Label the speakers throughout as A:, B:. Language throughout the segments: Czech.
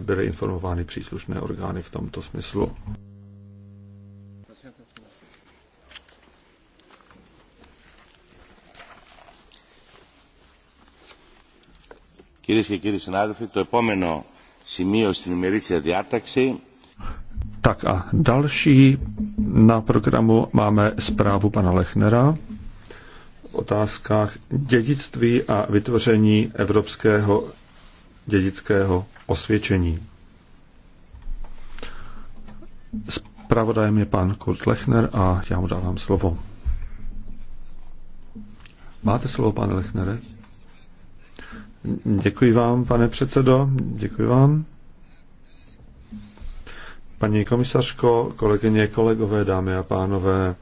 A: byly informovány příslušné orgány v tomto smyslu.
B: Κυρίε και κύριοι συνάδελφοι, το επόμενο σημείο
A: Tak a další na programu máme zprávu pana Lechnera v otázkách dědictví a vytvoření evropského dědického osvědčení. Spravodajem je pan Kurt Lechner a já mu dávám slovo. Máte slovo, pane Lechnere? Děkuji vám, pane předsedo, děkuji vám. Paní komisařko, kolegyně, kolegové, dámy a pánové,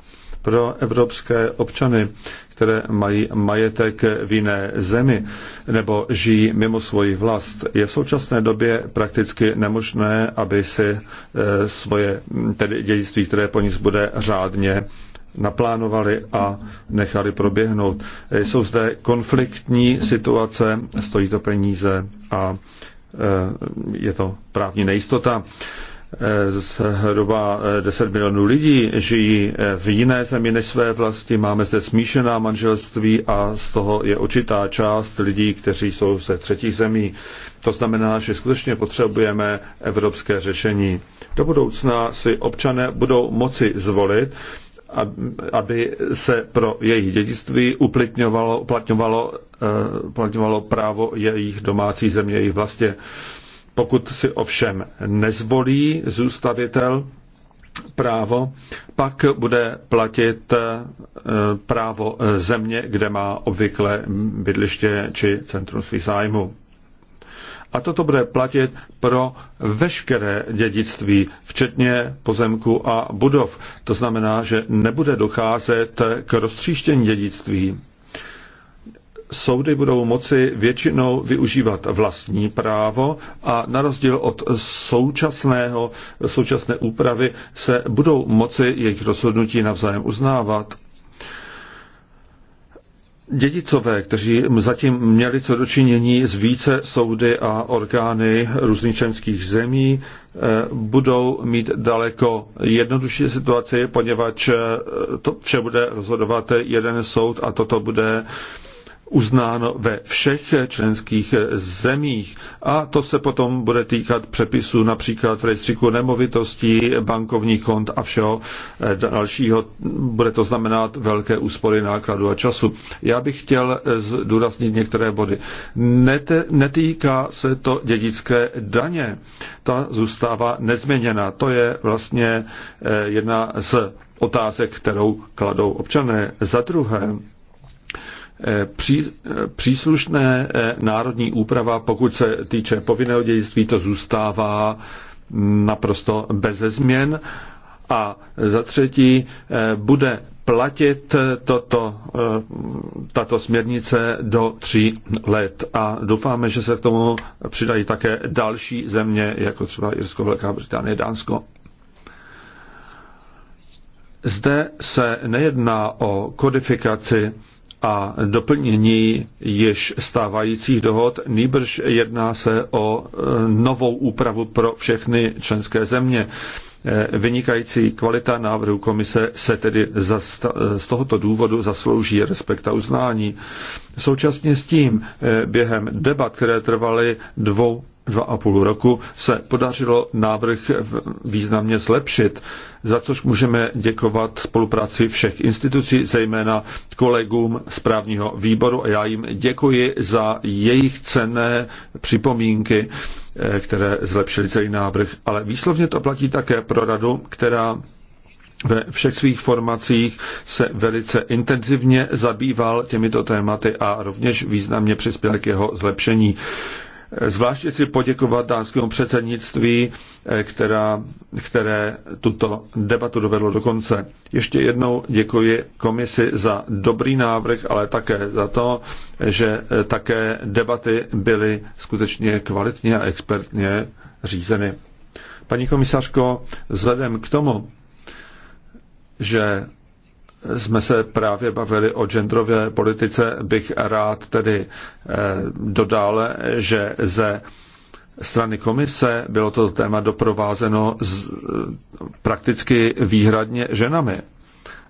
A: pro evropské občany, které mají majetek v jiné zemi nebo žijí mimo svoji vlast. Je v současné době prakticky nemožné, aby si eh, svoje hm, tedy dědictví, které po nich bude řádně naplánovali a nechali proběhnout. Eh, jsou zde konfliktní situace, stojí to peníze a eh, je to právní nejistota. Eh, zhruba 10 eh, milionů lidí žijí eh, v jiné zemi než své vlasti. Máme zde smíšená manželství a z toho je určitá část lidí, kteří jsou ze třetích zemí. To znamená, že skutečně potřebujeme evropské řešení. Do budoucna si občané budou moci zvolit, aby se pro jejich dědictví uplatňovalo, uplatňovalo, uplatňovalo právo jejich domácí země, jejich vlastně pokud si ovšem nezvolí zůstavitel právo, pak bude platit eh, právo země, kde má obvykle bydliště či centrum svých zájmu. A toto bude platit pro veškeré dědictví, včetně pozemku a budov. To znamená, že nebude docházet k roztříštění dědictví soudy budou moci většinou využívat vlastní právo a na rozdíl od současného, současné úpravy se budou moci jejich rozhodnutí navzájem uznávat. Dědicové, kteří zatím měli co dočinění s více soudy a orgány různých členských zemí, eh, budou mít daleko jednodušší situaci, poněvadž eh, to vše bude rozhodovat jeden soud a toto bude uznáno ve všech členských zemích. A to se potom bude týkat přepisu, například v rejstříku nemovitostí, bankovních kont a všeho eh, dalšího. Bude to znamenat velké úspory nákladu a času. Já bych chtěl eh, zdůraznit některé body. Nete, netýká se to dědické daně. Ta zůstává nezměněna. To je vlastně eh, jedna z otázek, kterou kladou občané. Za druhé, Eh, eh, příslušné eh, národní úprava, pokud se týče povinného dědictví, to zůstává naprosto bez změn. A za třetí bude platit toto, tato směrnice do tří let. A doufáme, že se k tomu přidají také další země, jako třeba Jirsko, Velká Británie, Dánsko. Zde se nejedná o kodifikaci a doplnění již stávajících dohod, nýbrž jedná se o e, novou úpravu pro všechny členské země. E, vynikající kvalita návrhu komise se tedy e, z tohoto důvodu zaslouží respekt a uznání. Současně s tím během debat, které trvaly dvou dva a půl roku se podařilo návrh významně zlepšit, za což můžeme děkovat spolupráci všech institucí, zejména kolegům z právního výboru a já jim děkuji za jejich cenné připomínky, eh, které zlepšily celý návrh. Ale výslovně to platí také pro radu, která ve všech svých formacích se velice intenzivně zabýval těmito tématy a rovněž významně přispěl k jeho zlepšení. Zvláště chci poděkovat dánskému předsednictví, eh, která, které tuto debatu dovedlo do konce. Ještě jednou děkuji komisi za dobrý návrh, ale také za to, že eh, také debaty byly skutečně kvalitně a expertně řízeny. Paní komisařko, vzhledem k tomu, že jsme se právě bavili o genderové politice, bych rád tedy eh, dodal, že ze strany komise bylo to téma doprovázeno z, eh, prakticky výhradně ženami.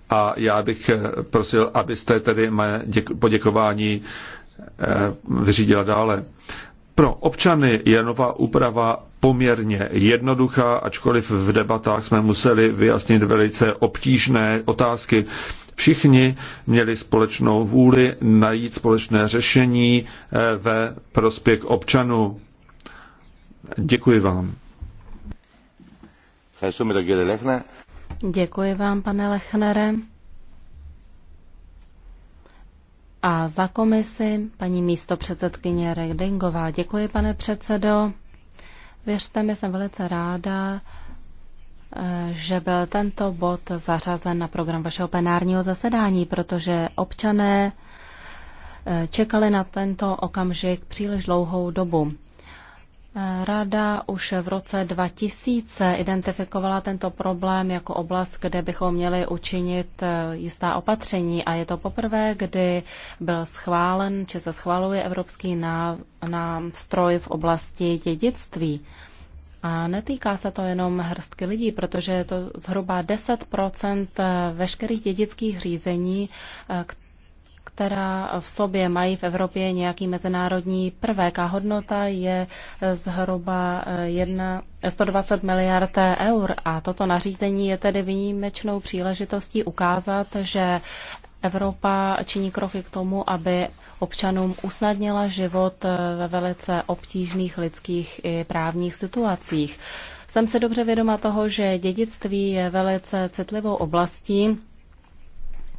A: A já bych eh, prosil, abyste tedy moje poděkování vyřídila dále. Pro občany je nová úprava poměrně jednoduchá, ačkoliv v debatách jsme museli vyjasnit velice obtížné otázky. Všichni měli společnou vůli najít společné řešení eh, ve prospěch občanů. Děkuji vám.
C: Děkuji vám, pane Lechnere. A za komisi paní místo předsedkyně Redingová. Děkuji, pane předsedo. Věřte mi, jsem velice ráda, eh, že byl tento bod zařazen na program vašeho plenárního zasedání, protože občané eh, čekali na tento okamžik příliš dlouhou dobu. Rada už v roce 2000 identifikovala tento problém jako oblast, kde bychom měli učinit eh, jistá opatření a je to poprvé, kdy byl schválen, či se schvaluje evropský nástroj v oblasti dědictví. A netýká se to jenom hrstky lidí, protože je to zhruba 10 eh, veškerých dědických řízení, eh, které která v sobě mají v Evropě nějaký mezinárodní prvek a hodnota je zhruba 1, eh, 120 miliard eur. A toto nařízení je tedy výjimečnou příležitostí ukázat, že Evropa činí kroky k tomu, aby občanům usnadnila život eh, ve velice obtížných lidských i právních situacích. Jsem se dobře vědoma toho, že dědictví je velice citlivou oblastí,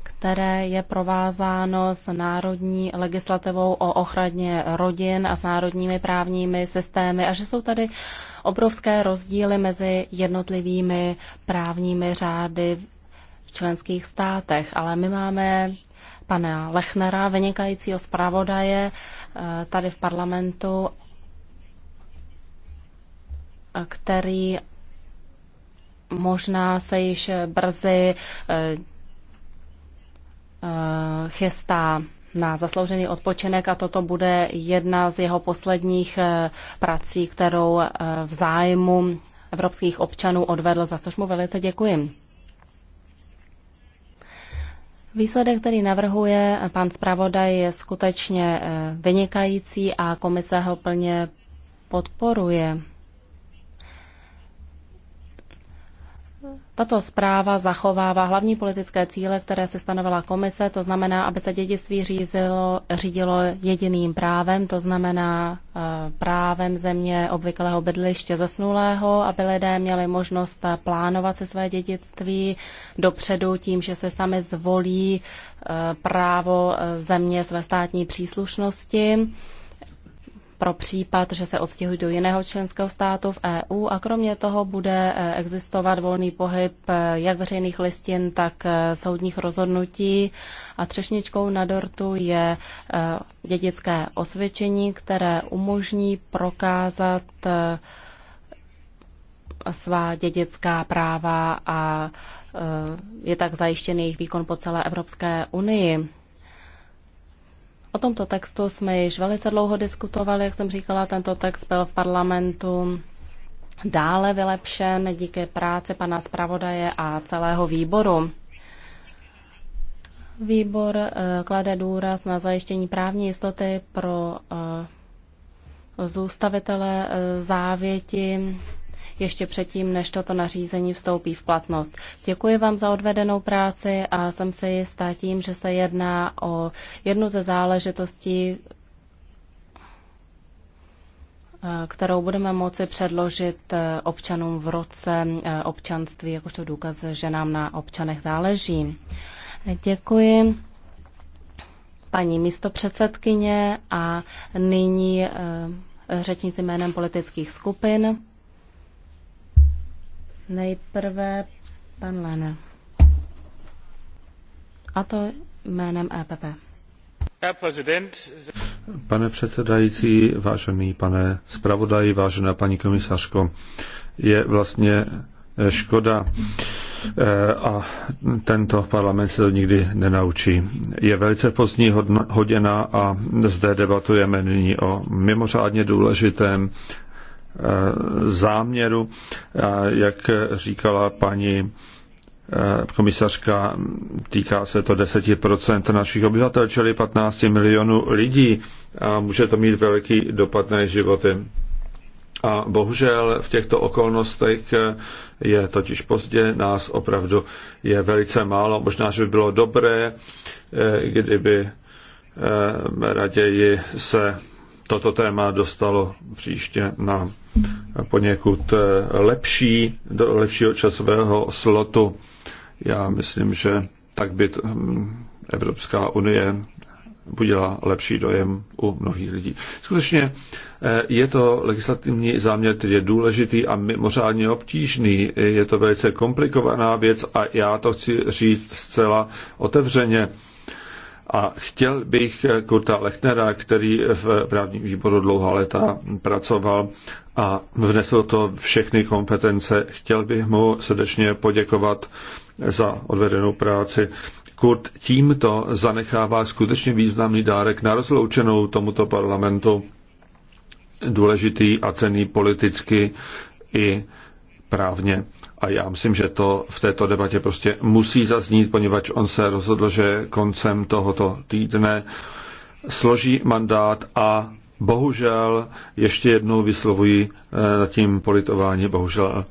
C: které je provázáno s národní legislativou o ochraně rodin a s národními právními systémy a že jsou tady obrovské rozdíly mezi jednotlivými právními řády v členských státech. Ale my máme pana Lechnera, vynikajícího zpravodaje eh, tady v parlamentu, který možná se již brzy eh, Eh, chystá na zasloužený odpočinek a toto bude jedna z jeho posledních eh, prací, kterou eh, v zájmu evropských občanů odvedl, za což mu velice děkuji. Výsledek, který navrhuje pan zpravodaj, je skutečně vynikající a komise ho plně podporuje. Tato zpráva zachovává hlavní politické cíle, které se stanovala komise, to znamená, aby se dědictví řízilo, řídilo jediným právem, to znamená eh, právem země obvyklého bydliště zasnulého, aby lidé měli možnost eh, plánovat si své dědictví dopředu tím, že se sami zvolí eh, právo země své státní příslušnosti pro případ, že se odstěhují do jiného členského státu v EU a kromě toho bude eh, existovat volný pohyb eh, jak veřejných listin, tak eh, soudních rozhodnutí. A třešničkou na dortu je dědické osvědčení, které umožní prokázat svá dědická práva a je tak zajištěný jejich výkon po celé Evropské unii. O tomto textu jsme již velice dlouho diskutovali, jak jsem říkala, tento text byl v parlamentu dále vylepšen díky práci pana zpravodaje a celého výboru. Výbor eh, klade důraz na zajištění právní jistoty pro eh, zůstavitele eh, závěti ještě předtím, než toto nařízení vstoupí v platnost. Děkuji vám za odvedenou práci a jsem se jistá tím, že se jedná o jednu ze záležitostí, kterou budeme moci předložit eh, občanům v roce eh, občanství, jakožto důkaz, že nám na občanech záleží. Děkuji paní místopředsedkyně a nyní eh, řečníci jménem politických skupin. Nejprve pan Lene. A to jménem EPP.
A: Pane předsedající, vážený pane zpravodaji, vážená paní komisařko, je vlastně eh, škoda eh, a tento parlament se to nikdy nenaučí. Je velice pozdní hodina a zde debatujeme nyní o mimořádně důležitém záměru. Jak říkala paní eh, komisařka, týká se to 10% našich obyvatel, čili 15 milionů lidí a může to mít velký dopad na jejich životy. A bohužel v těchto okolnostech eh, je totiž pozdě, nás opravdu je velice málo. Možná, že by bylo dobré, eh, kdyby raději se toto téma dostalo příště na poněkud eh, lepší, do lepšího časového slotu. Já myslím, že tak by hm, Evropská unie budila lepší dojem u mnohých lidí. Skutečně eh, je to legislativní záměr, který je důležitý a mimořádně obtížný. Je to velice komplikovaná věc a já to chci říct zcela otevřeně. A chtěl bych Kurta Lechnera, který v právním výboru dlouhá léta pracoval a vnesl to všechny kompetence, chtěl bych mu srdečně poděkovat za odvedenou práci. Kurt tímto zanechává skutečně významný dárek na rozloučenou tomuto parlamentu, důležitý a cený politicky i právně. A já myslím, že to v této debatě prostě musí zaznít, poněvadž on se rozhodl, že koncem tohoto týdne složí mandát a bohužel ještě jednou vyslovuji e, eh, tím politování, bohužel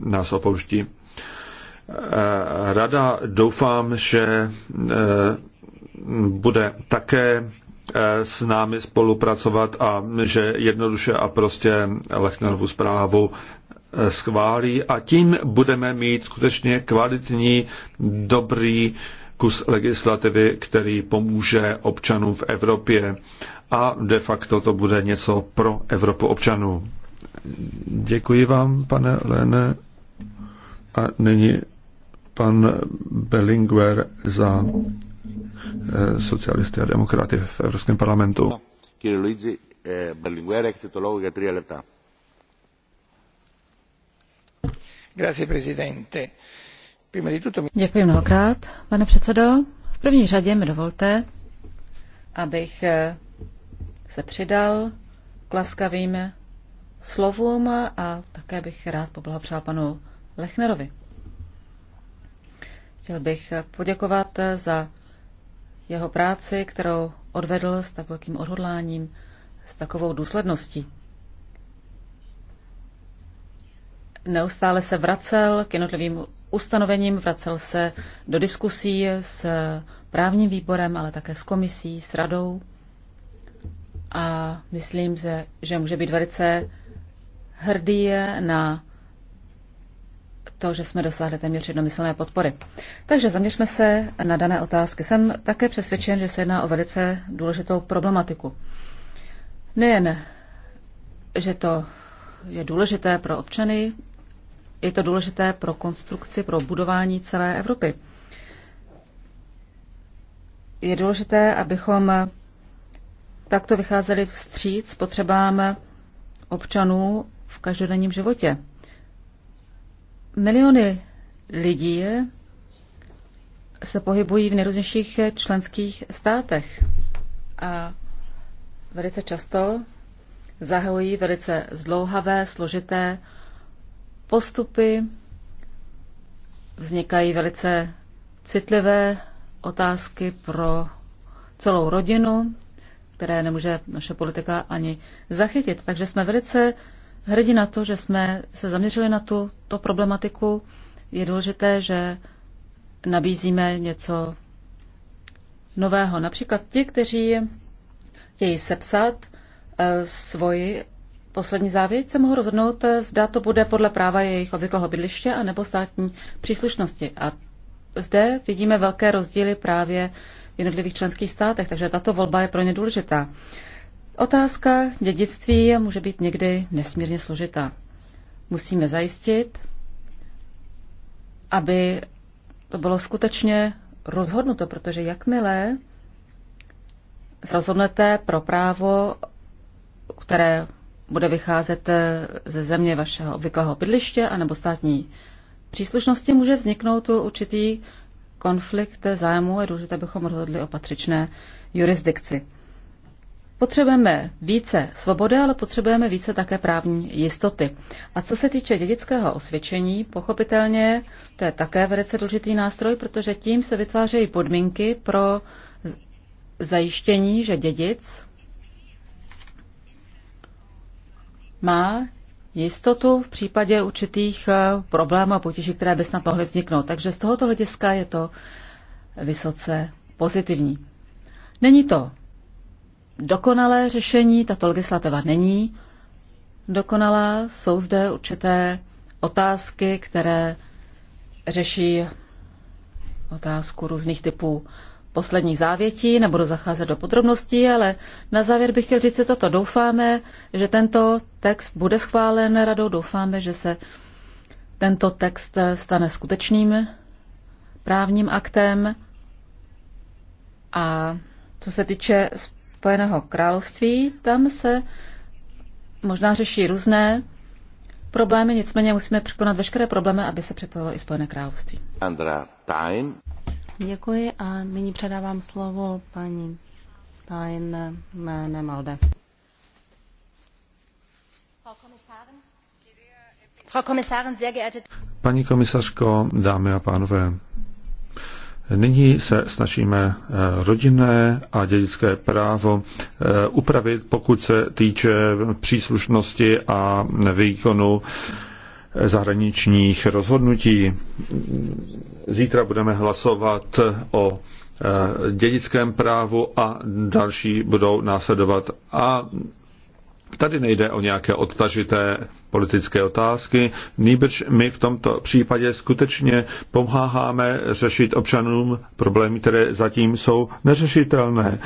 A: nás opouští. Eh, rada doufám, že eh, bude také s námi spolupracovat a že jednoduše a prostě Lechnerovu zprávu Eh, schválí a tím budeme mít skutečně kvalitní, dobrý kus legislativy, který pomůže občanům v Evropě a de facto to bude něco pro Evropu občanů. Děkuji vám, pane Lene. A nyní pan Bellinguer za eh, socialisty a demokraty v Evropském parlamentu.
B: Kyrie Luigi, Berlinguer, έχετε το
D: Děkuji mnohokrát, pane předsedo. V první řadě mi dovolte, abych eh, se přidal k laskavým slovům a také bych rád poblahopřál panu Lechnerovi. Chtěl bych poděkovat eh, za jeho práci, kterou odvedl s takovým odhodláním, s takovou důsledností. neustále se vracel k jednotlivým ustanovením, vracel se do diskusí s právním výborem, ale také s komisí, s radou. A myslím, že, že může být velice hrdý na to, že jsme dosáhli téměř jednomyslné podpory. Takže zaměřme se na dané otázky. Jsem také přesvědčen, že se jedná o velice důležitou problematiku. Nejen, že to je důležité pro občany je to důležité pro konstrukci, pro budování celé Evropy. Je důležité, abychom takto vycházeli vstříc potřebám občanů v každodenním životě. Miliony lidí se pohybují v nejrůznějších členských státech a velice často zahajují velice zdlouhavé, složité postupy vznikají velice citlivé otázky pro celou rodinu, které nemůže naše politika ani zachytit. Takže jsme velice hrdí na to, že jsme se zaměřili na tu, to problematiku. Je důležité, že nabízíme něco nového. Například ti, kteří chtějí sepsat eh, svoji Poslední závěr, se mohu rozhodnout, eh, zda to bude podle práva jejich obvyklého bydliště a nebo státní příslušnosti. A zde vidíme velké rozdíly právě v jednotlivých členských státech, takže tato volba je pro ně důležitá. Otázka dědictví může být někdy nesmírně složitá. Musíme zajistit, aby to bylo skutečně rozhodnuto, protože jakmile rozhodnete pro právo, které bude vycházet eh, ze země vašeho obvyklého bydliště anebo státní příslušnosti, může vzniknout tu určitý konflikt zájmu je důležité, abychom rozhodli o patřičné jurisdikci. Potřebujeme více svobody, ale potřebujeme více také právní jistoty. A co se týče dědického osvědčení, pochopitelně to je také velice důležitý nástroj, protože tím se vytvářejí podmínky pro zajištění, že dědic má jistotu v případě určitých eh, problémů a potíží, které by snad mohly vzniknout. Takže z tohoto hlediska je to vysoce pozitivní. Není to dokonalé řešení, tato legislativa není dokonalá, jsou zde určité otázky, které řeší otázku různých typů posledních závětí, nebudu zacházet do podrobností, ale na závěr bych chtěl říct si toto. Doufáme, že tento text bude schválen radou, doufáme, že se tento text stane skutečným právním aktem. A co se týče Spojeného království, tam se možná řeší různé problémy, nicméně musíme překonat veškeré problémy, aby se připojilo i Spojené království.
B: Andra Time.
C: Děkuji a nyní předávám slovo paní Pájen Nemalde.
A: Paní komisařko, dámy a pánové, Nyní se snažíme eh, rodinné a dědické právo eh, upravit, pokud se týče příslušnosti a výkonu zahraničních rozhodnutí. Zítra budeme hlasovat o e, dědickém právu a další budou následovat. A tady nejde o nějaké odtažité politické otázky, nýbrž my v tomto případě skutečně pomáháme řešit občanům problémy, které zatím jsou neřešitelné.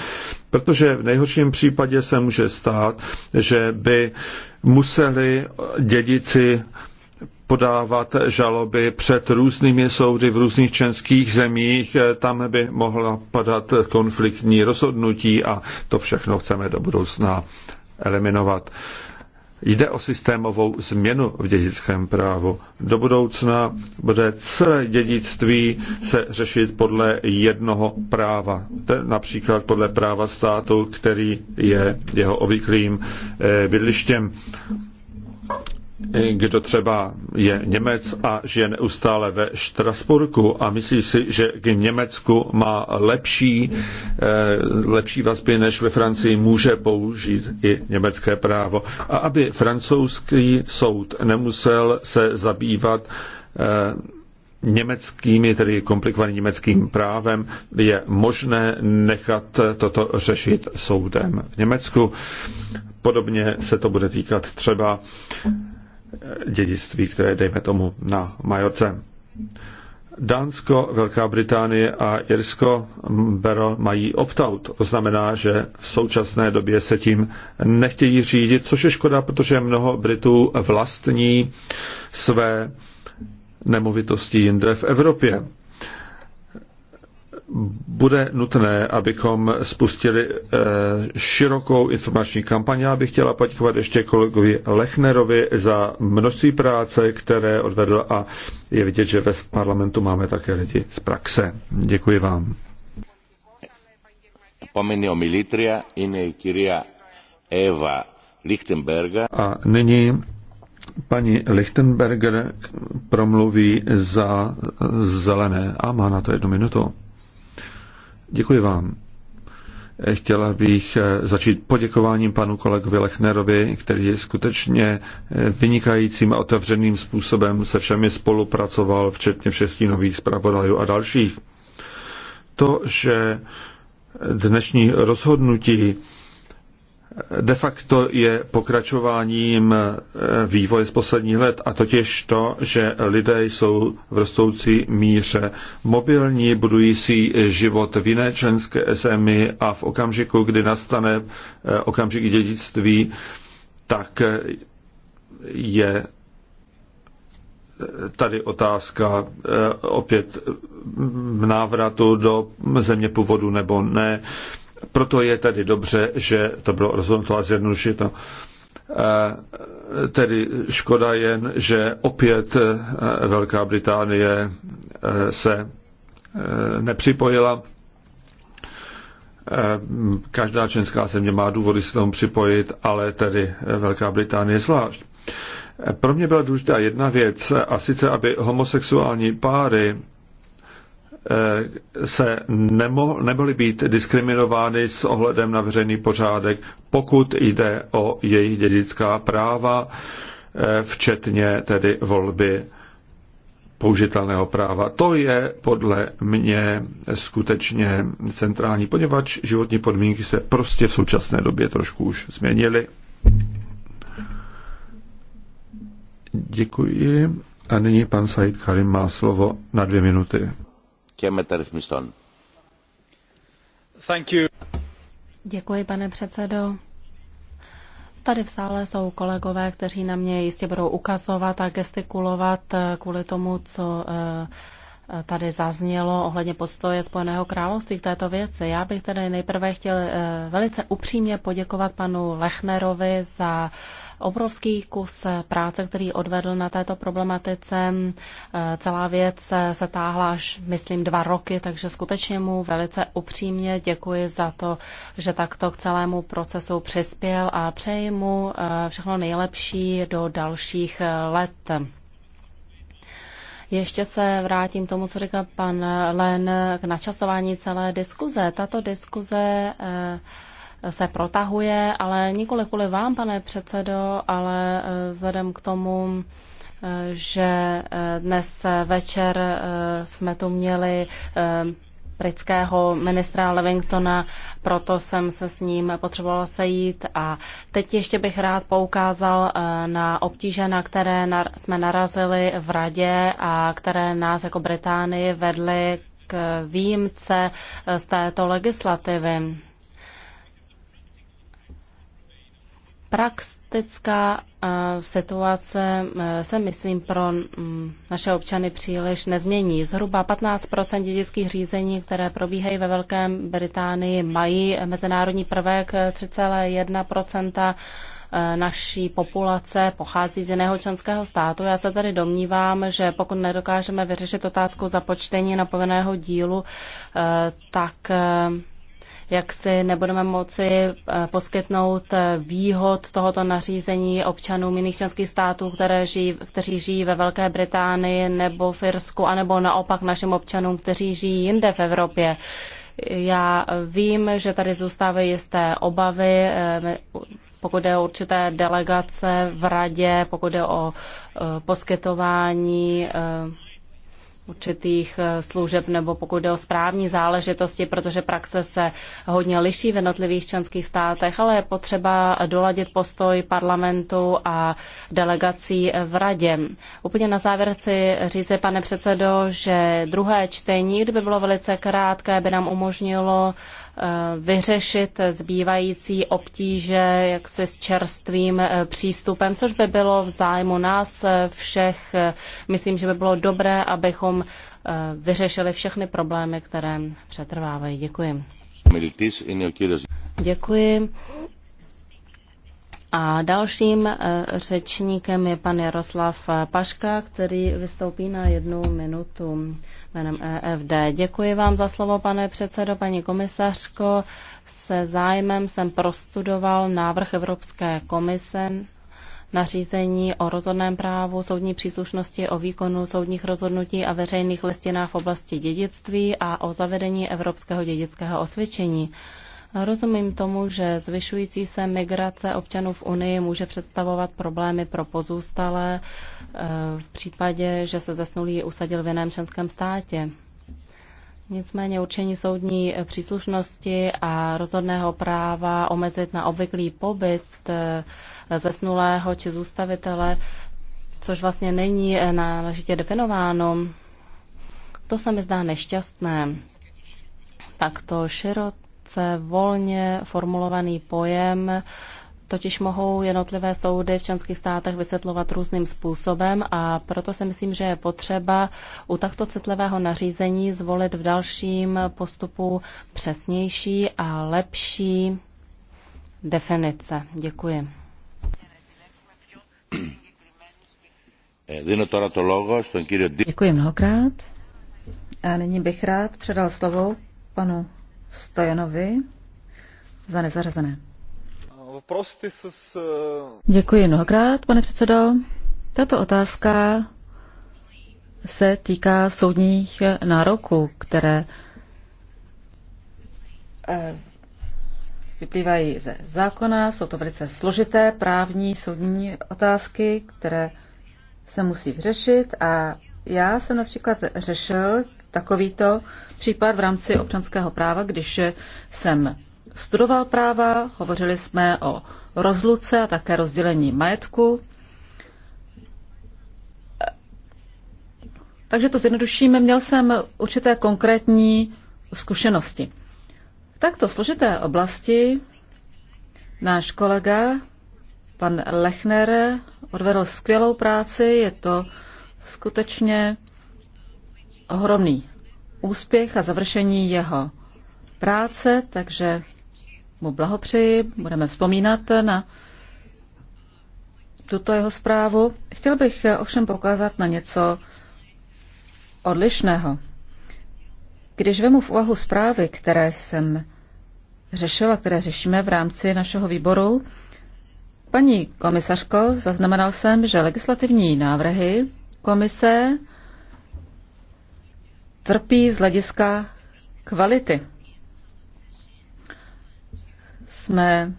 A: Protože v nejhorším případě se může stát, že by museli dědici podávat žaloby před různými soudy v různých členských zemích. Tam by mohla padat konfliktní rozhodnutí a to všechno chceme do budoucna eliminovat. Jde o systémovou změnu v dědickém právu. Do budoucna bude celé dědictví se řešit podle jednoho práva, například podle práva státu, který je jeho obvyklým eh, bydlištěm kdo třeba je Němec a žije neustále ve Štrasburku a myslí si, že k Německu má lepší, eh, lepší vazby než ve Francii, může použít i německé právo. A aby francouzský soud nemusel se zabývat eh, německými, tedy komplikovaným německým právem, je možné nechat toto řešit soudem v Německu. Podobně se to bude týkat třeba dědictví, které dejme tomu na Majorce. Dánsko, Velká Británie a Irsko bero mají opt-out. To znamená, že v současné době se tím nechtějí řídit, což je škoda, protože mnoho Britů vlastní své nemovitosti jinde v Evropě bude nutné, abychom spustili eh, širokou informační kampaň. Já bych chtěla poděkovat ještě kolegovi Lechnerovi za množství práce, které odvedl a je vidět, že ve parlamentu máme také lidi z praxe. Děkuji vám. A nyní paní Lichtenberger promluví za zelené a má na to jednu minutu. Děkuji vám. Chtěla bych eh, začít poděkováním panu kolegovi Lechnerovi, který je skutečně eh, vynikajícím a otevřeným způsobem se všemi spolupracoval, včetně všech nových zpravodajů a dalších. To, že dnešní rozhodnutí de facto je pokračováním eh, vývoje z posledních let, a totiž to, že lidé jsou v rostoucí míře mobilní, budují si život v jiné členské zemi a v okamžiku, kdy nastane eh, okamžik dědictví, tak eh, je tady otázka opět návratu do země původu nebo ne. Proto je tedy dobře, že to bylo rozhodnuto a zjednodušeno. E, tedy škoda jen, že opět e, Velká Británie e, se nepřipojila. Každá členská země má důvody se tomu připojit, ale tedy Velká Británie zvlášť. Pro mě byla důležitá jedna věc, a sice, aby homosexuální páry Eh, se nemo, nemohly být diskriminovány s ohledem na veřejný pořádek, pokud jde o jejich dědická práva, eh, včetně tedy volby použitelného práva. To je podle mě skutečně centrální, poněvadž životní podmínky se prostě v současné době trošku už změnily. Děkuji. A nyní pan Said Karim má slovo na dvě minuty.
C: Děkuji, pane předsedo. Tady v sále jsou kolegové, kteří na mě jistě budou ukazovat a gestikulovat kvůli tomu, co eh, tady zaznělo ohledně postoje Spojeného království k této věci. Já bych tedy nejprve chtěl eh, velice upřímně poděkovat panu Lechnerovi za obrovský kus eh, práce, který odvedl na této problematice. Eh, celá věc eh, se táhla až, myslím, dva roky, takže skutečně mu velice upřímně děkuji za to, že takto k celému procesu přispěl a přeji mu všechno nejlepší do dalších let. Ještě se vrátím tomu, co říkal pan Len k načasování celé diskuze. Tato diskuze se protahuje, ale nikoli kvůli vám, pane předsedo, ale eh, vzhledem k tomu, eh, že eh, dnes večer jsme tu měli britského ministra Levingtona, proto jsem se s ním potřebovala sejít. A teď ještě bych rád poukázal na obtíže, na které jsme narazili v radě a které nás jako Británii vedly k výjimce z této legislativy. praktická eh, situace eh, se, myslím, pro mm, naše občany příliš nezmění. Zhruba 15 dědických řízení, které probíhají ve Velké Británii, mají mezinárodní prvek 3,1 eh, naší populace pochází z jiného členského státu. Já se tady domnívám, že pokud nedokážeme vyřešit otázku započtení na povinného dílu, tak jak si nebudeme moci eh, poskytnout eh, výhod tohoto nařízení občanům jiných členských států, které žijí, kteří žijí ve Velké Británii nebo v Irsku, anebo naopak našim občanům, kteří žijí jinde v Evropě. Já vím, že tady zůstávají jisté obavy, eh, pokud je o určité delegace v radě, pokud je o poskytování určitých eh, služeb nebo pokud jde o správní záležitosti, protože praxe se hodně liší v jednotlivých členských státech, ale je potřeba doladit postoj parlamentu a delegací v radě. Úplně na závěr chci říci, pane předsedo, že druhé čtení, kdyby bylo velice krátké, by nám umožnilo vyřešit zbývající obtíže jak se s čerstvým eh, přístupem, což by bylo v zájmu nás eh, všech. Myslím, že by bylo dobré, abychom eh, vyřešili všechny problémy, které přetrvávají. Děkuji. Děkuji. A dalším řečníkem je pan Jaroslav Paška, který vystoupí na jednu minutu jménem EFD. Děkuji vám za slovo, pane předsedo, paní komisařko. Se zájmem jsem prostudoval návrh Evropské komise nařízení o rozhodném právu, soudní příslušnosti o výkonu soudních rozhodnutí a veřejných listinách v oblasti dědictví a o zavedení evropského dědického osvědčení. Rozumím tomu, že zvyšující se migrace občanů v Unii může představovat problémy pro pozůstalé e, v případě, že se zesnulý usadil v jiném členském státě. Nicméně určení soudní příslušnosti a rozhodného práva omezit na obvyklý pobyt e, zesnulého či zůstavitele, což vlastně není náležitě definováno, to se mi zdá nešťastné. Takto širot, vysoce volně formulovaný pojem, totiž mohou jednotlivé soudy v členských státech vysvětlovat různým způsobem a proto si myslím, že je potřeba u takto citlivého nařízení zvolit v dalším postupu přesnější a lepší definice. Děkuji.
B: Děkuji
D: mnohokrát. A nyní bych rád předal slovo panu Stojanovi za nezařazené. Děkuji mnohokrát, pane předsedo. Tato otázka se týká soudních nároků, které eh, vyplývají ze zákona. Jsou to velice složité právní soudní otázky, které se musí vyřešit a já jsem například řešil takovýto případ v rámci občanského práva, když jsem studoval práva, hovořili jsme o rozluce a také rozdělení majetku. Takže to zjednodušíme, měl jsem určité konkrétní zkušenosti. V takto složité oblasti náš kolega, pan Lechner, odvedl skvělou práci, je to skutečně ohromný úspěch a završení jeho práce, takže mu blahopřeji, budeme vzpomínat na tuto jeho zprávu. Chtěl bych ovšem pokázat na něco odlišného. Když vemu v úvahu zprávy, které jsem řešila, které řešíme v rámci našeho výboru, paní komisařko, zaznamenal jsem, že legislativní návrhy komise trpí z hlediska kvality. Jsme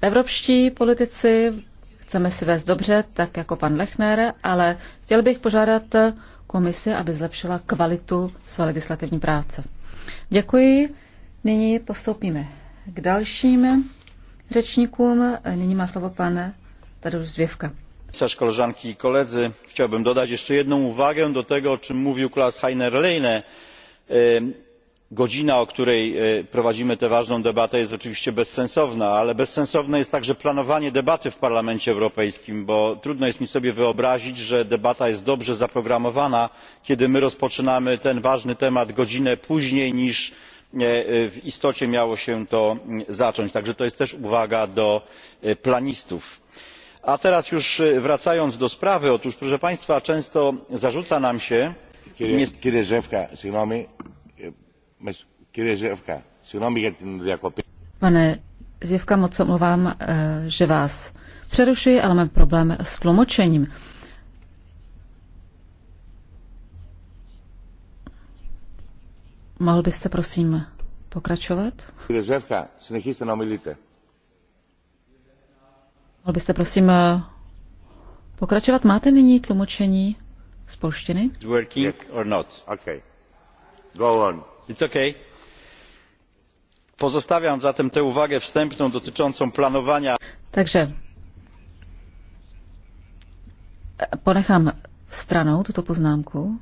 D: evropští politici, chceme si vést dobře, tak jako pan Lechner, ale chtěl bych požádat komisi, aby zlepšila kvalitu své legislativní práce. Děkuji. Nyní postoupíme k dalším řečníkům. Nyní má slovo pan Tadeusz Zvěvka
E: chciałbym dodać jeszcze jedną uwagę do tego o czym mówił klaus heiner lehne. godzina o której e, prowadzimy tę ważną debatę jest oczywiście bezsensowna ale bezsensowne jest także planowanie debaty w parlamencie europejskim bo trudno jest mi sobie wyobrazić że debata jest dobrze zaprogramowana kiedy my rozpoczynamy ten ważny temat godzinę później niż e, w istocie miało się to zacząć. także to jest też uwaga do e, planistów. chciałbym a teraz już wracając do sprawy otóż proszę państwa często zarzuca nam się
D: pane zwiefka moc se omlouvám e, že vás přerušuji ale mám problém s tlumočením. mohl byste prosím pokračovat?
B: Pane Zwiewka,
D: Mohl byste prosím eh, pokračovat? Máte nyní tlumočení z polštiny?
E: working or not? Okay. Go on. It's okay. Pozostawiam zatem tę uwagę wstępną dotyczącą planowania.
D: Takže ponechám stranou tuto poznámku.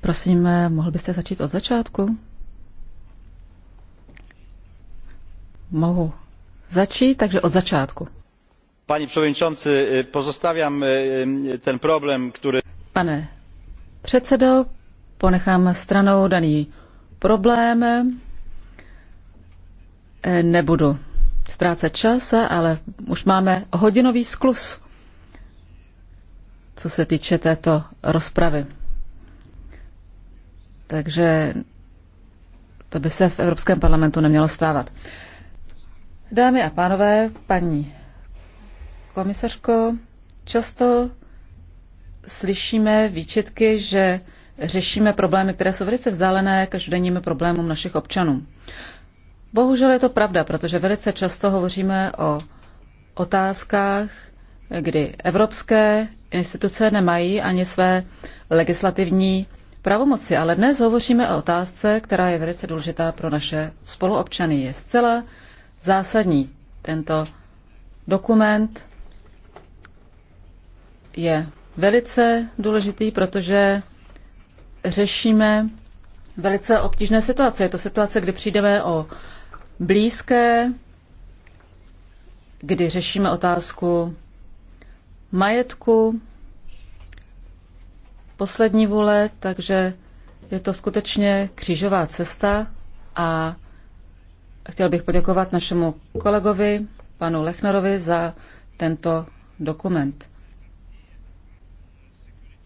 D: Prosím, eh, mohl byste začít od začátku? mohu začít, takže od začátku.
E: Pani předsedající, pozostavím e, e, ten problém, který
D: Pane předsedo, ponechám stranou daný problém. E, nebudu ztrácet čas, ale už máme hodinový sklus, co se týče této rozpravy. Takže to by se v Evropském parlamentu nemělo stávat. Dámy a pánové, paní komisařko, často slyšíme výčitky, že řešíme problémy, které jsou velice vzdálené každodenním problémům našich občanů. Bohužel je to pravda, protože velice často hovoříme o otázkách, kdy evropské instituce nemají ani své legislativní pravomoci, ale dnes hovoříme o otázce, která je velice důležitá pro naše spoluobčany. Je zcela zásadní. Tento dokument je velice důležitý, protože řešíme velice obtížné situace. Je to situace, kdy přijdeme o blízké, kdy řešíme otázku majetku, poslední vůle, takže je to skutečně křížová cesta a Chtěl bych poděkovat našemu kolegovi, panu Lechnerovi, za tento dokument.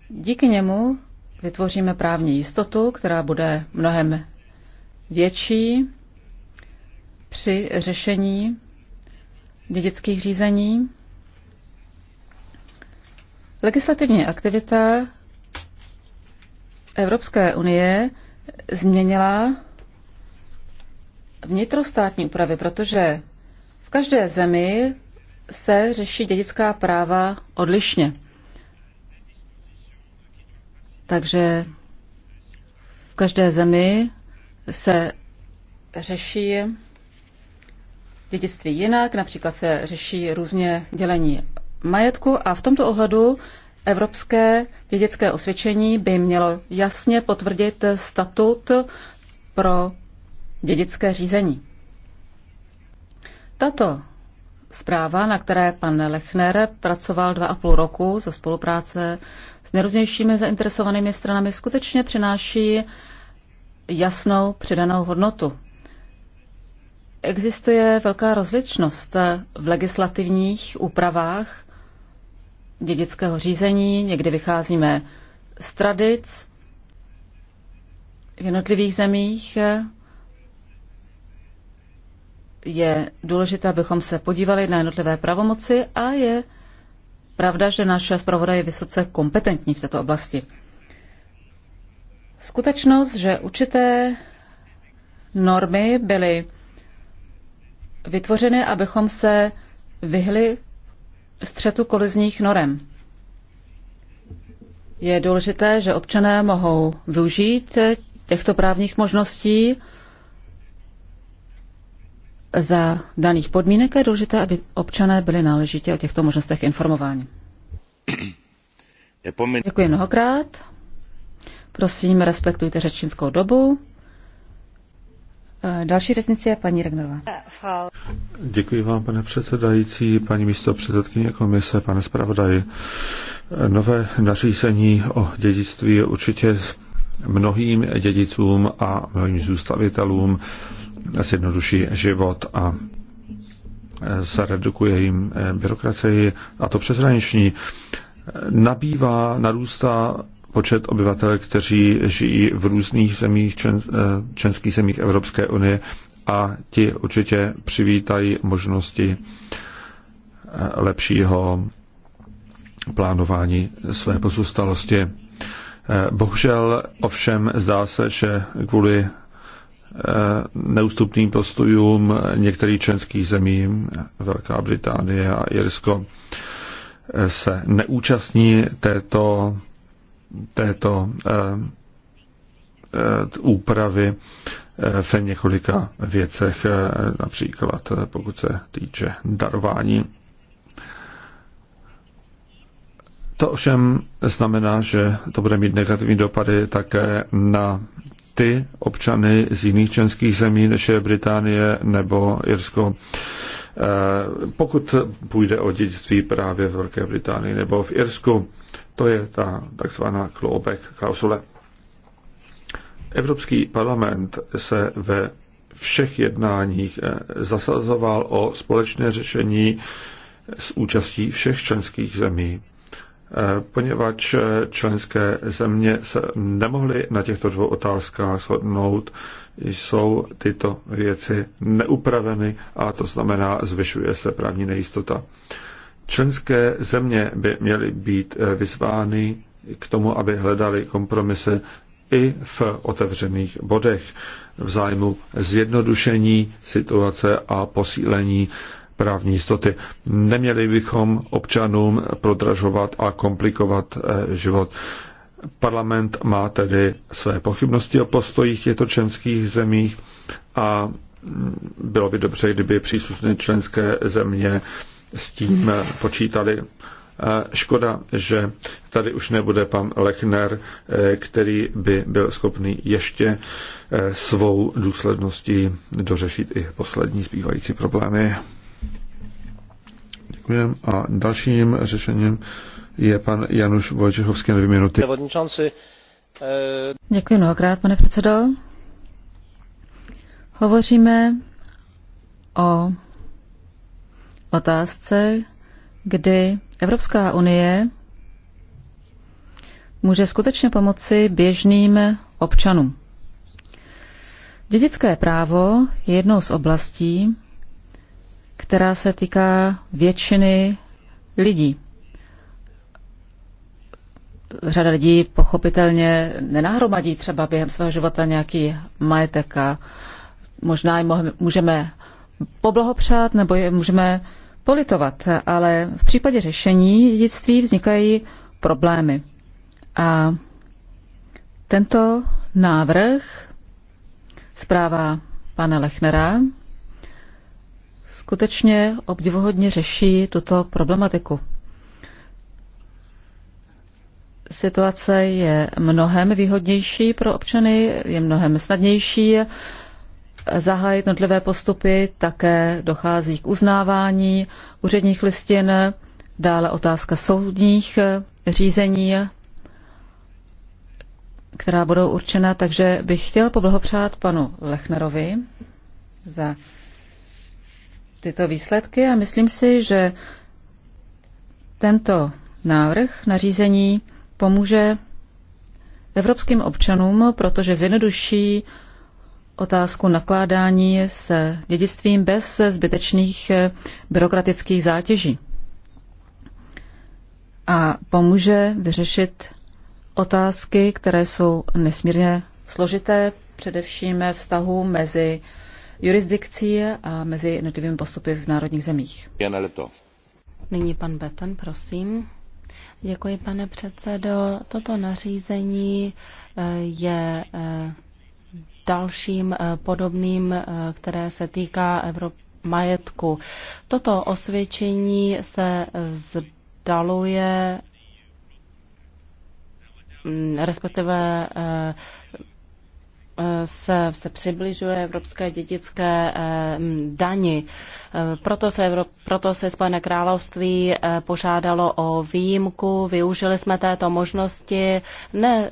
D: Díky němu vytvoříme právní jistotu, která bude mnohem větší při řešení dědických řízení. Legislativní aktivita Evropské unie změnila vnitrostátní úpravy, protože v každé zemi se řeší dědická práva odlišně. Takže v každé zemi se řeší dědictví jinak, například se řeší různě dělení majetku a v tomto ohledu evropské dědické osvědčení by mělo jasně potvrdit statut pro dědické řízení. Tato zpráva, na které pan Lechner pracoval dva a půl roku za spolupráce s nejrůznějšími zainteresovanými stranami, skutečně přináší jasnou přidanou hodnotu. Existuje velká rozličnost v legislativních úpravách dědického řízení. Někdy vycházíme z tradic v jednotlivých zemích, je důležité, abychom se podívali na jednotlivé pravomoci a je pravda, že naše zpravodaj je vysoce kompetentní v této oblasti. Skutečnost, že určité normy byly vytvořeny, abychom se vyhli střetu kolizních norem. Je důležité, že občané mohou využít těchto právních možností, za daných podmínek je důležité, aby občané byli náležitě o těchto možnostech informováni. Děkuji mnohokrát. Prosím, respektujte řečnickou dobu. E, další řečnice je paní Regnerová.
A: Děkuji vám, pane předsedající, paní místo předsedkyně komise, pane zpravodaji. Nové nařízení o dědictví je určitě mnohým dědicům a mnohým zůstavitelům zjednoduší život a e, zredukuje jim e, byrokracii, a to přeshraniční, e, nabývá, narůstá počet obyvatel, kteří žijí v různých zemích, čen, členských zemích Evropské unie a ti určitě přivítají možnosti lepšího plánování své pozůstalosti. Bohužel ovšem zdá se, že kvůli Eh, neústupným postojům některých členských zemí, Velká Británie a Irsko, eh, se neúčastní této, této eh, úpravy v několika věcech, například pokud se týče darování. To ovšem znamená, že to bude mít negativní dopady také na ty občany z jiných členských zemí, než je Británie nebo Irsko, eh, pokud půjde o dědictví právě v Velké Británii nebo v Irsku. To je ta takzvaná clawback klausule. Evropský parlament se ve všech jednáních eh, zasazoval o společné řešení s účastí všech členských zemí poněvadž členské země se nemohly na těchto dvou otázkách shodnout, jsou tyto věci neupraveny a to znamená, zvyšuje se právní nejistota. Členské země by měly být vyzvány k tomu, aby hledali kompromisy i v otevřených bodech v zájmu zjednodušení situace a posílení právní jistoty. Neměli bychom občanům prodražovat a komplikovat eh, život. Parlament má tedy své pochybnosti o postojích těchto členských zemích a mm, bylo by dobře, kdyby příslušné členské země s tím eh, počítali. Eh, škoda, že tady už nebude pan Lechner, který by byl schopný ještě svou důsledností dořešit i poslední zbývající problémy. Děkujeme. A dalším řešením je pan Januš Vojčechovský na dvě minuty. Eh,
D: Děkuji mnohokrát, pane předsedo. Hovoříme o otázce, kdy Evropská unie může skutečně pomoci běžným občanům. Dědické právo je jednou z oblastí, která se týká většiny lidí. Řada lidí pochopitelně nenahromadí třeba během svého života nějaký majetek a možná jim můžeme poblahopřát nebo je můžeme politovat, ale v případě řešení dědictví vznikají problémy. A tento návrh zpráva pana Lechnera skutečně obdivuhodně řeší tuto problematiku. Situace je mnohem výhodnější pro občany, je mnohem snadnější zahájit jednotlivé postupy, také dochází k uznávání úředních listin, dále otázka soudních řízení, která budou určena, takže bych chtěl poblahopřát panu Lechnerovi za tyto výsledky a myslím si, že tento návrh nařízení pomůže evropským občanům, protože zjednoduší otázku nakládání s dědictvím bez zbytečných eh, byrokratických zátěží. A pomůže vyřešit otázky, které jsou nesmírně složité, především vztahu mezi jurisdikcí a mezi jednotlivými postupy v národních zemích.
C: Nyní pan Beton, prosím. Děkuji, pane předsedo. Toto nařízení eh, je eh, dalším eh, podobným, které se týká Evrop- majetku. Toto osvědčení se vzdaluje mm, respektive se, se přibližuje evropské dědické eh, dani. Eh, proto se, Evrop, proto se Spojené království eh, požádalo o výjimku, využili jsme této možnosti, ne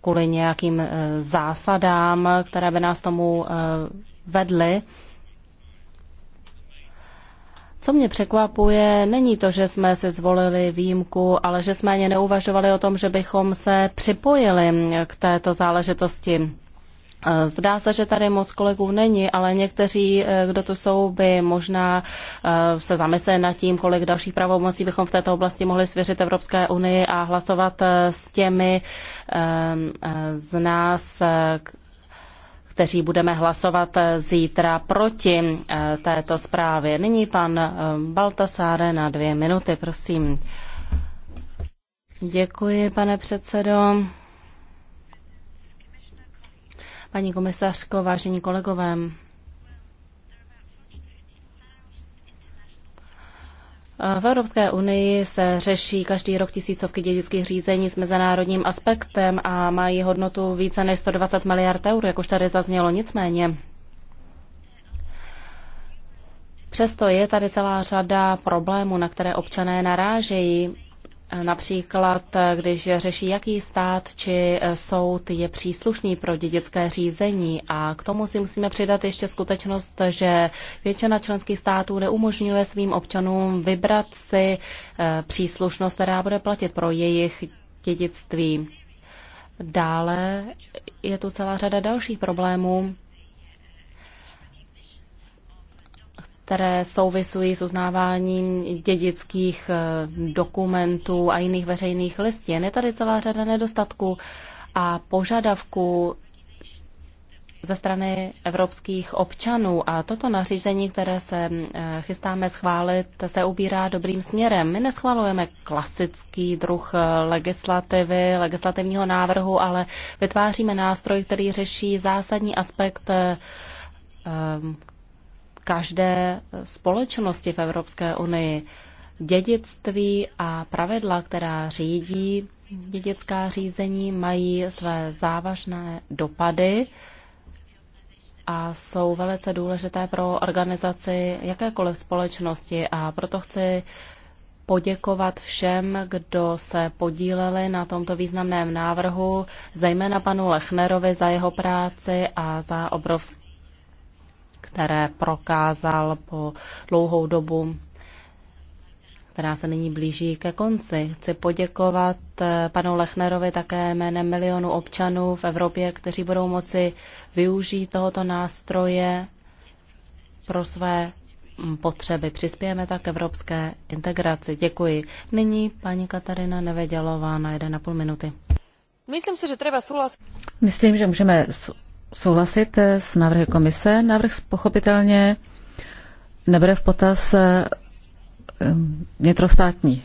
C: kvůli nějakým zásadám, které by nás tomu vedly, co mě překvapuje, není to, že jsme si zvolili výjimku, ale že jsme ani neuvažovali o tom, že bychom se připojili k této záležitosti. Zdá se, že tady moc kolegů není, ale někteří, eh, kdo tu jsou, by možná eh, se zamysleli nad tím, kolik dalších pravomocí bychom v této oblasti mohli svěřit Evropské unii a hlasovat eh, s těmi z nás, kteří budeme hlasovat eh, zítra proti eh, této zprávě. Nyní pan eh, Baltasáre na dvě minuty, prosím. Děkuji, pane předsedo. Paní komisařko, vážení kolegové, V Evropské unii se řeší každý rok tisícovky dědických řízení s mezinárodním aspektem a mají hodnotu více než 120 miliard eur, jak už tady zaznělo. Nicméně Přesto je tady celá řada problémů, na které občané narážejí. Například, když řeší, jaký stát či soud je příslušný pro dědické řízení. A k tomu si musíme přidat ještě skutečnost, že většina členských států neumožňuje svým občanům vybrat si eh, příslušnost, která bude platit pro jejich dědictví. Dále je tu celá řada dalších problémů, které souvisují s uznáváním dědických eh, dokumentů a jiných veřejných listin. Je tady celá řada nedostatků a požadavků ze strany evropských občanů a toto nařízení, které se eh, chystáme schválit, se ubírá dobrým směrem. My neschvalujeme klasický druh eh, legislativy, legislativního návrhu, ale vytváříme nástroj, který řeší zásadní aspekt každé společnosti v Evropské unii. Dědictví a pravidla, která řídí dědická řízení, mají své závažné dopady a jsou velice důležité pro organizaci jakékoliv společnosti a proto chci poděkovat všem, kdo se podíleli na tomto významném návrhu, zejména panu Lechnerovi za jeho práci a za obrovský které prokázal po dlouhou dobu, která se nyní blíží ke konci. Chci poděkovat eh, panu Lechnerovi také jménem milionu občanů v Evropě, kteří budou moci využít tohoto nástroje pro své potřeby. Přispějeme tak evropské integraci. Děkuji. Nyní paní Katarina Nevedělová na 1,5 minuty.
D: Myslím si, že třeba souhlas. Myslím, že můžeme souhlasit eh, s návrhy komise. Návrh pochopitelně nebere v potaz eh, eh, vnitrostátní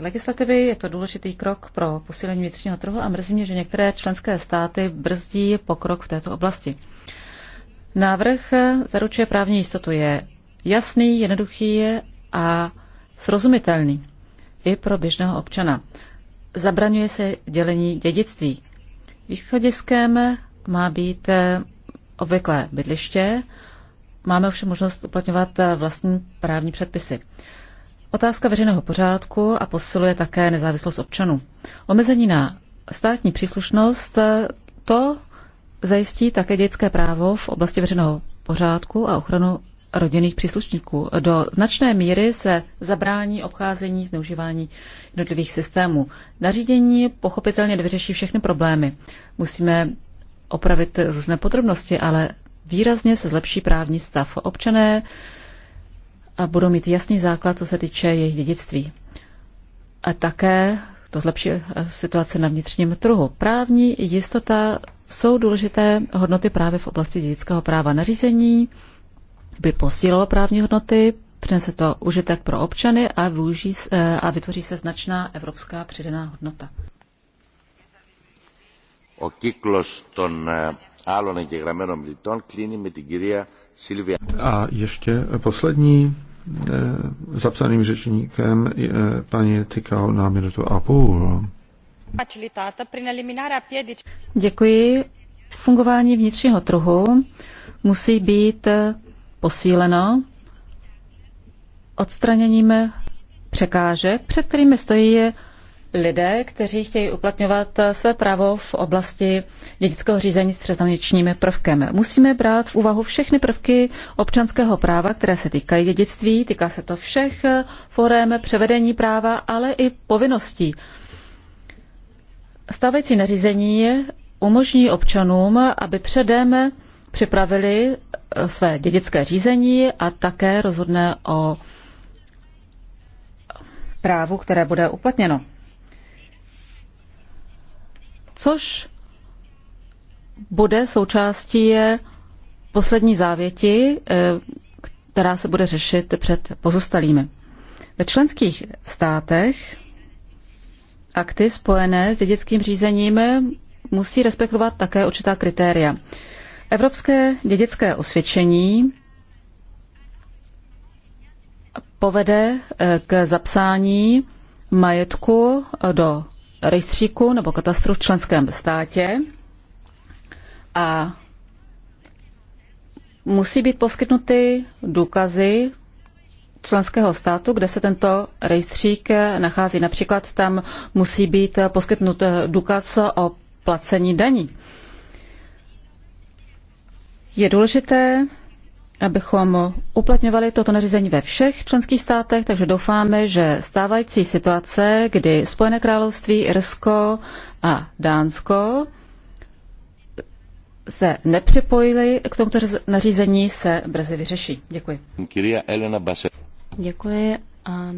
D: legislativy. Je to důležitý krok pro posílení vnitřního trhu a mrzí mě, že některé členské státy brzdí pokrok v této oblasti. Návrh zaručuje právní jistotu. Je jasný, jednoduchý a srozumitelný i pro běžného občana. Zabraňuje se dělení dědictví. Východiskem má být eh, obvyklé bydliště. Máme ovšem možnost uplatňovat eh, vlastní právní předpisy. Otázka veřejného pořádku a posiluje také nezávislost občanů. Omezení na státní příslušnost eh, to zajistí také dětské právo v oblasti veřejného pořádku a ochranu rodinných příslušníků. Do značné míry se zabrání obcházení zneužívání jednotlivých systémů. Nařízení pochopitelně nevyřeší všechny problémy. Musíme opravit různé podrobnosti, ale výrazně se zlepší právní stav. Občané a budou mít jasný základ, co se týče jejich dědictví. A také to zlepší eh, situace na vnitřním trhu. Právní jistota jsou důležité hodnoty právě v oblasti dědického práva. Nařízení by posílilo právní hodnoty, přinese to užitek pro občany a, využí, eh, a vytvoří se značná evropská přidaná hodnota.
B: Ο κύκλος των άλλων εγγεγραμμένων μιλητών κλείνει με την κυρία
A: A ještě poslední zapsaným řečníkem e, paní Tykal na minutu a půl.
D: Děkuji. Fungování vnitřního trhu musí být posíleno odstraněním překážek, před kterými stojí lidé, kteří chtějí uplatňovat eh, své právo v oblasti dědického řízení s přeshraničním prvkem. Musíme brát v úvahu všechny prvky občanského práva, které se týkají dědictví, týká se to všech eh, forem převedení práva, ale i povinností. Stávající nařízení umožní občanům, aby předem připravili eh, své dědické řízení a také rozhodne o právu, které bude uplatněno což bude součástí poslední závěti, eh, která se bude řešit před pozostalými. Ve členských státech akty spojené s dědickým řízením musí respektovat také určitá kritéria. Evropské dědické osvědčení povede eh, k zapsání majetku do rejstříku nebo katastru v členském státě a musí být poskytnuty důkazy členského státu, kde se tento rejstřík nachází. Například tam musí být poskytnut důkaz o placení daní. Je důležité abychom uplatňovali toto nařízení ve všech členských státech, takže doufáme, že stávající situace, kdy Spojené království, Irsko a Dánsko se nepřipojili k tomuto
C: nařízení, se brzy vyřeší. Děkuji. Děkuji a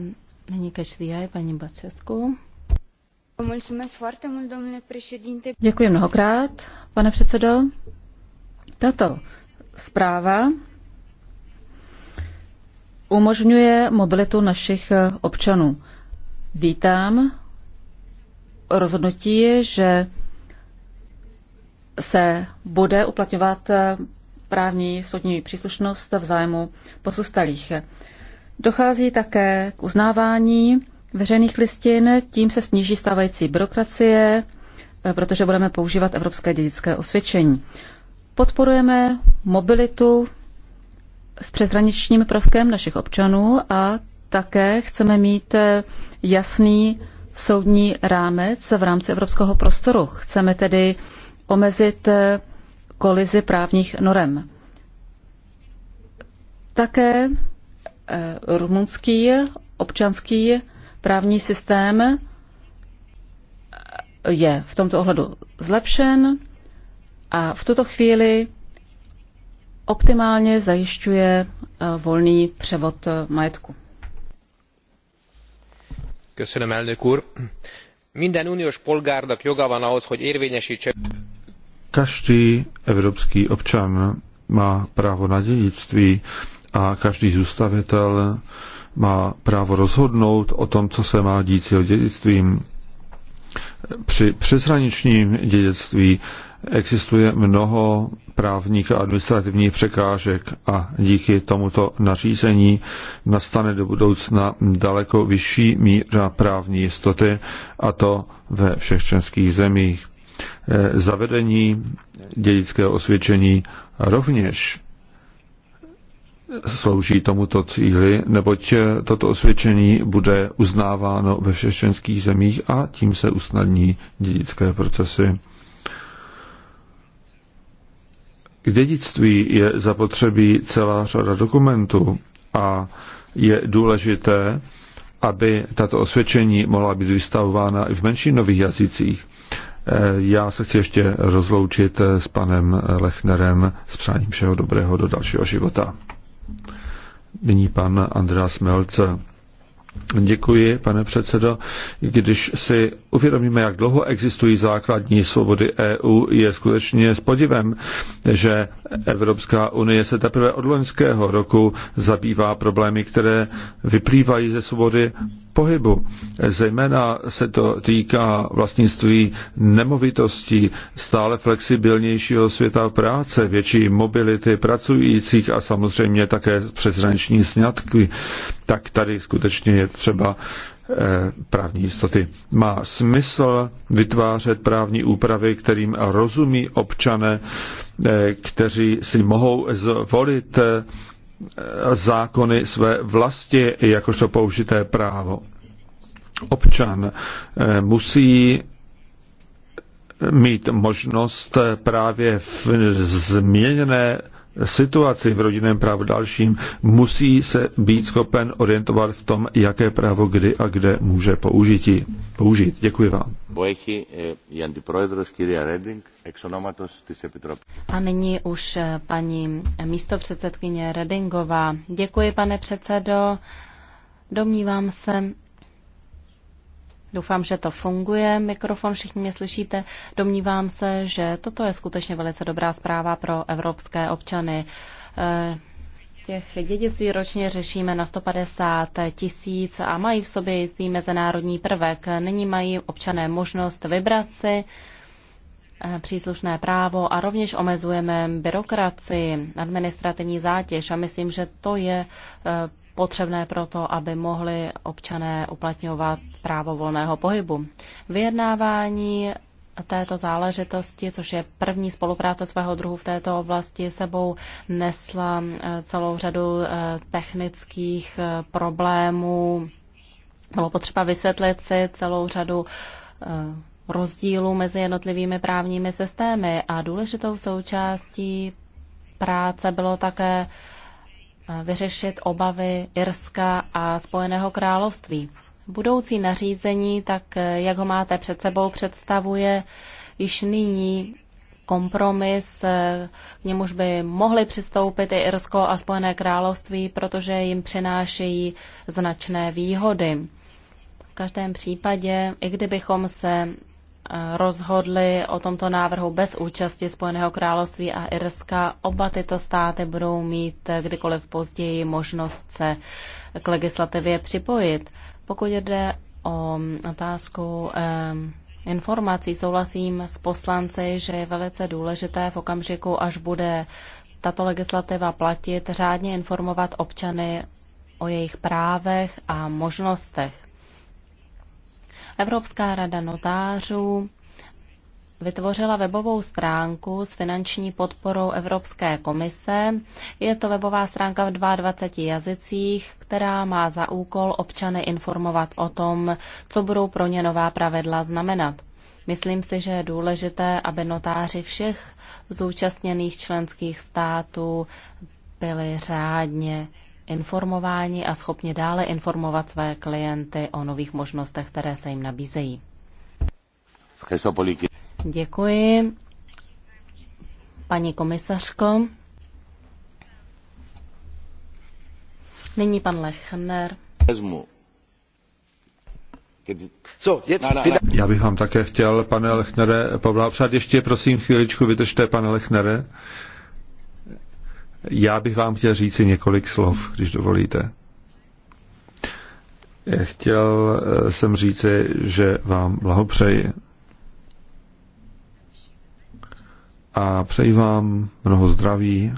C: nyní Kašliaj, paní Bačesku.
D: Děkuji mnohokrát, pane předsedo. Tato zpráva umožňuje mobilitu našich eh, občanů. Vítám rozhodnutí, že se bude uplatňovat eh, právní soudní příslušnost v zájmu posustalých. Dochází také k uznávání veřejných listin, tím se sníží stávající byrokracie, eh, protože budeme používat evropské dědické osvědčení. Podporujeme mobilitu s přeshraničním prvkem našich občanů a také chceme mít eh, jasný soudní rámec v rámci evropského prostoru. Chceme tedy omezit eh, kolizi právních norem. Také eh, rumunský občanský právní systém je v tomto ohledu zlepšen a v tuto chvíli optimálně zajišťuje eh, volný převod eh, majetku.
B: Köszönöm, elnök úr. Minden uniós polgárnak joga van ahhoz,
E: hogy érvényesítse...
A: Každý evropský občan má právo na dědictví a každý zůstavitel má právo rozhodnout o tom, co se má dít s jeho dědictvím. Při přeshraničním dědictví existuje mnoho právních a administrativních překážek a díky tomuto nařízení nastane do budoucna daleko vyšší míra právní jistoty a to ve všech členských zemích. Eh, zavedení dědického osvědčení rovněž slouží tomuto cíli, neboť toto osvědčení bude uznáváno ve všech členských zemích a tím se usnadní dědické procesy. K dědictví je zapotřebí celá řada dokumentů a je důležité, aby tato osvědčení mohla být vystavována i v menšinových jazycích. Eh, já se chci ještě rozloučit eh, s panem eh, Lechnerem s přáním všeho dobrého do dalšího života. Nyní pan Andreas Melce. Děkuji, pane předsedo. Když si uvědomíme, jak dlouho existují základní svobody EU, je skutečně s podivem, že Evropská unie se teprve od loňského roku zabývá problémy, které vyplývají ze svobody pohybu. Zejména se to týká vlastnictví nemovitostí, stále flexibilnějšího světa práce, větší mobility pracujících a samozřejmě také přeshraniční sňatky. Tak tady skutečně je třeba eh, právní jistoty. Má smysl vytvářet právní úpravy, kterým rozumí občané, eh, kteří si mohou zvolit eh, zákony své vlasti jakožto použité právo. Občan eh, musí mít možnost eh, právě v změněné situaci v rodinném právu dalším, musí se být schopen orientovat v tom, jaké právo kdy a kde může použití. použít. Děkuji vám. Eh,
C: a nyní už eh, paní místopředsedkyně Redingová. Děkuji, pane předsedo. Domnívám se, Doufám, že to funguje. Mikrofon všichni mě slyšíte. Domnívám se, že toto je skutečně velice dobrá zpráva pro evropské občany. Eh, těch dědictví ročně řešíme na 150 tisíc a mají v sobě jistý mezinárodní prvek. Nyní mají občané možnost vybrat si eh, příslušné právo a rovněž omezujeme byrokracii, administrativní zátěž a myslím, že to je eh, potřebné pro to, aby mohli občané uplatňovat právo volného pohybu. Vyjednávání této záležitosti, což je první spolupráce svého druhu v této oblasti, sebou nesla eh, celou řadu eh, technických eh, problémů. Bylo potřeba vysvětlit si celou řadu rozdílů mezi jednotlivými právními systémy a důležitou součástí práce bylo také vyřešit obavy Irska a Spojeného království. Budoucí nařízení, tak eh, jak ho máte před sebou, představuje již nyní kompromis, eh, k němuž by mohly přistoupit i Irsko a Spojené království, protože jim přinášejí značné výhody. V každém případě, i kdybychom se rozhodly o tomto návrhu bez účasti Spojeného království a Irska. Oba tyto státy budou mít eh, kdykoliv později možnost se k legislativě připojit. Pokud jde o otázku informací, souhlasím s poslanci, že je velice důležité v okamžiku, až bude tato legislativa platit, řádně informovat občany o jejich právech a možnostech. Evropská rada notářů vytvořila webovou stránku s finanční podporou Evropské komise. Je to webová stránka v 22 jazycích, která má za úkol občany informovat o tom, co budou pro ně nová pravidla znamenat. Myslím si, že je důležité, aby notáři všech zúčastněných členských států byli řádně informováni a schopni dále informovat své klienty o nových možnostech, které se jim nabízejí. Děkuji. Paní komisařko. Nyní pan Lechner.
A: Já bych vám také chtěl, pane Lechnere, poblahopřát. Ještě prosím chvíličku vydržte, pane Lechnere. Já bych vám chtěl říci několik slov, když dovolíte. Chtěl eh, jsem říci, že vám blahopřeji. A přeji vám mnoho zdraví.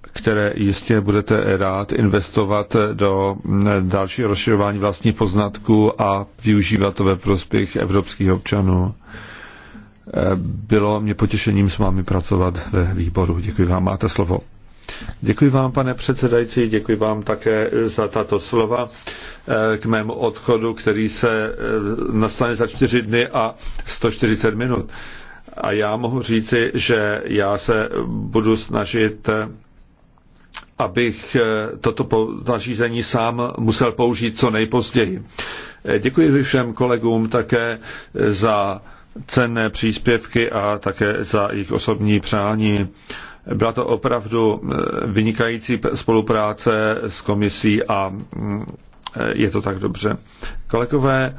A: které jistě budete rád investovat do mm, dalšího rozširování vlastních poznatků a využívat to ve prospěch evropských občanů. Eh, bylo mě potěšením s vámi pracovat ve výboru. Děkuji vám, máte slovo. Děkuji vám, pane předsedající, děkuji vám také eh, za tato slova eh, k mému odchodu, který se nastane za čtyři dny a 140 minut. A já mohu říci, že já se budu snažit, abych toto nařízení sám musel použít co nejpozději. Děkuji všem kolegům také za cenné příspěvky a také za jejich osobní přání. Byla to opravdu eh, vynikající spolupráce s komisí a mm, eh, je to tak dobře. Kolegové,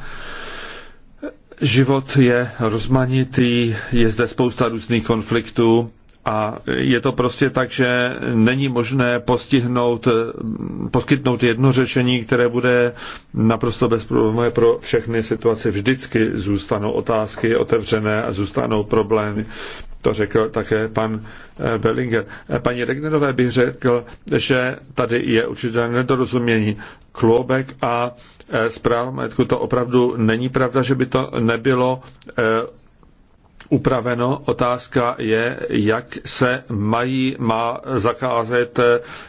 A: život je rozmanitý, je zde spousta různých konfliktů a je to prostě tak, že není možné postihnout, poskytnout jedno řešení, které bude naprosto bezproblémové pro všechny situace. Vždycky zůstanou otázky otevřené a zůstanou problémy. To řekl také pan eh, Bellinger. Eh, paní Regnerové bych řekl, že tady je určitě nedorozumění. Klobek a eh, zpráva majetku, to opravdu není pravda, že by to nebylo upraveno. Otázka je, jak se mají, má zakázet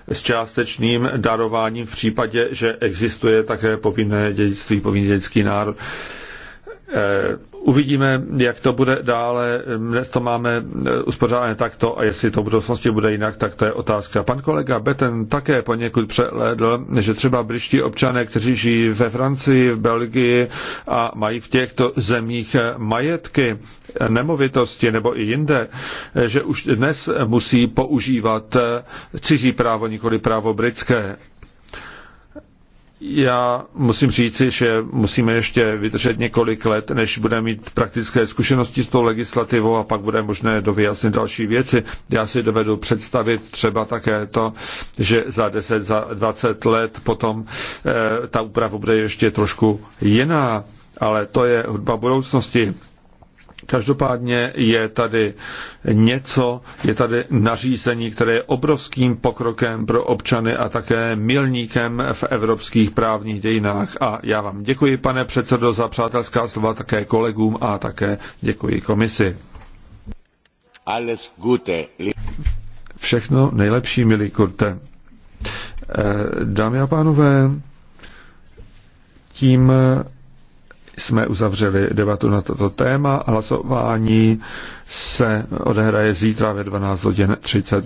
A: s částečným darováním v případě, že existuje také povinné dědictví, povinný dědický národ. Eh, uvidíme, jak to bude dále. Hm, dnes to máme eh, uspořádané takto a jestli to v budoucnosti bude jinak, tak to je otázka. Pan kolega Beten také poněkud přehlédl, že třeba britští občané, kteří žijí ve Francii, v Belgii a mají v těchto zemích eh, majetky, nemovitosti nebo i jinde, že už dnes musí používat cizí právo, nikoli právo britské. Já musím říci, že musíme ještě vydržet několik let, než budeme mít praktické zkušenosti s tou legislativou a pak bude možné dovyjasnit další věci. Já si dovedu představit třeba také to, že za 10, za 20 let potom eh, ta úprava bude ještě trošku jiná, ale to je hudba budoucnosti. Každopádně je tady něco, je tady nařízení, které je obrovským pokrokem pro občany a také milníkem v evropských právních dějinách. A já vám děkuji, pane předsedo, za přátelská slova také kolegům a také děkuji komisi. Alles Gute. Všechno nejlepší, milí Kurte. Eh, dámy a pánové, tím jsme uzavřeli debatu na toto téma. Hlasování se odehraje zítra ve 12 hodin 30